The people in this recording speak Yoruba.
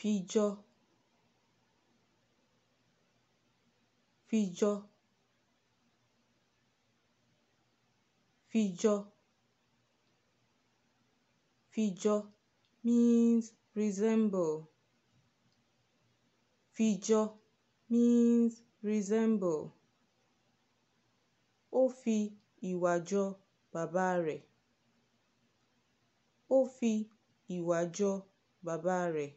fi jọ fi jọ fi jọ fi jọ means resemble fi jọ means resemble ó fi ìwà jọ bàbá rẹ̀ ó fi ìwà jọ bàbá rẹ̀